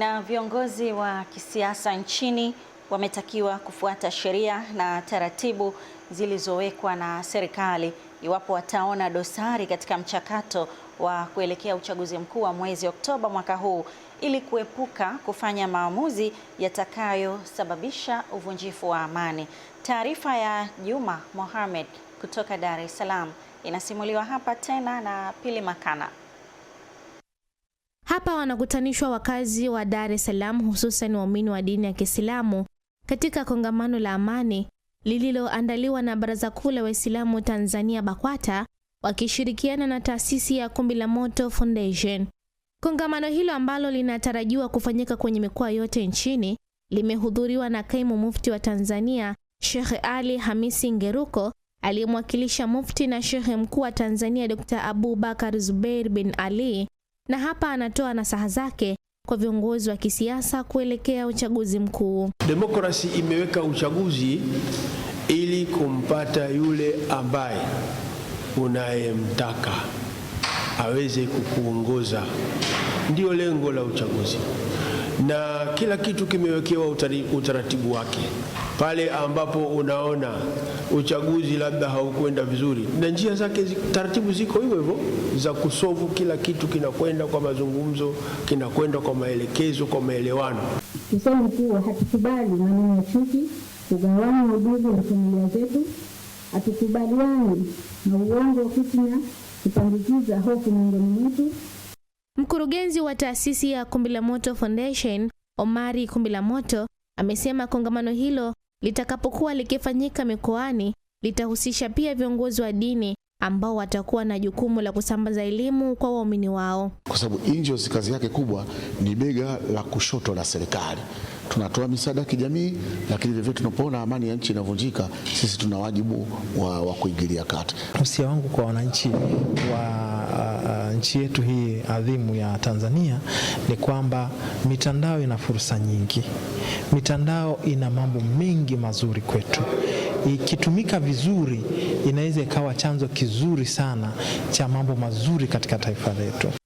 Na viongozi wa kisiasa nchini wametakiwa kufuata sheria na taratibu zilizowekwa na serikali iwapo wataona dosari katika mchakato wa kuelekea uchaguzi mkuu wa mwezi Oktoba mwaka huu ili kuepuka kufanya maamuzi yatakayosababisha uvunjifu wa amani. Taarifa ya Juma Mohamed kutoka Dar es Salaam inasimuliwa hapa tena na Pili Makana. Hapa wanakutanishwa wakazi wa Dar es Salaam, hususan waumini wa dini ya Kiislamu katika kongamano la amani lililoandaliwa na Baraza Kuu la Waislamu Tanzania BAKWATA wakishirikiana na taasisi ya Kumbi la Moto Foundation. Kongamano hilo ambalo linatarajiwa kufanyika kwenye mikoa yote nchini limehudhuriwa na kaimu mufti wa Tanzania Sheikh Ali Hamisi Ngeruko aliyemwakilisha mufti na shehe mkuu wa Tanzania Dr. Abu Bakar Zubair bin Ali na hapa anatoa nasaha zake kwa viongozi wa kisiasa kuelekea uchaguzi mkuu. Demokrasi imeweka uchaguzi ili kumpata yule ambaye unayemtaka aweze kukuongoza, ndiyo lengo la uchaguzi na kila kitu kimewekewa utaratibu wake. Pale ambapo unaona uchaguzi labda haukwenda vizuri, na njia zake, taratibu ziko hivyo hivyo za kusovu. Kila kitu kinakwenda kwa mazungumzo, kinakwenda kwa maelekezo, kwa maelewano. Tuseme kuwa hatukubali maneno ya chuki, kugawana udugu na familia zetu. Hatukubaliani na uongo, fitna, kupandikiza hofu miongoni mwetu. Mkurugenzi wa taasisi ya Kumbilamoto Foundation, Omari Kumbilamoto, amesema kongamano hilo litakapokuwa likifanyika mikoani litahusisha pia viongozi wa dini ambao watakuwa na jukumu la kusambaza elimu kwa waumini wao, kwa sababu NGOs kazi yake kubwa ni bega la kushoto la serikali. Tunatoa misaada ya kijamii, lakini vile vile tunapoona amani ya nchi inavunjika, sisi tuna wajibu wa, wa kuingilia kati. Usia wangu kwa wananchi wa uh, nchi yetu hii adhimu ya Tanzania ni kwamba mitandao ina fursa nyingi, mitandao ina mambo mengi mazuri kwetu ikitumika vizuri inaweza ikawa chanzo kizuri sana cha mambo mazuri katika taifa letu.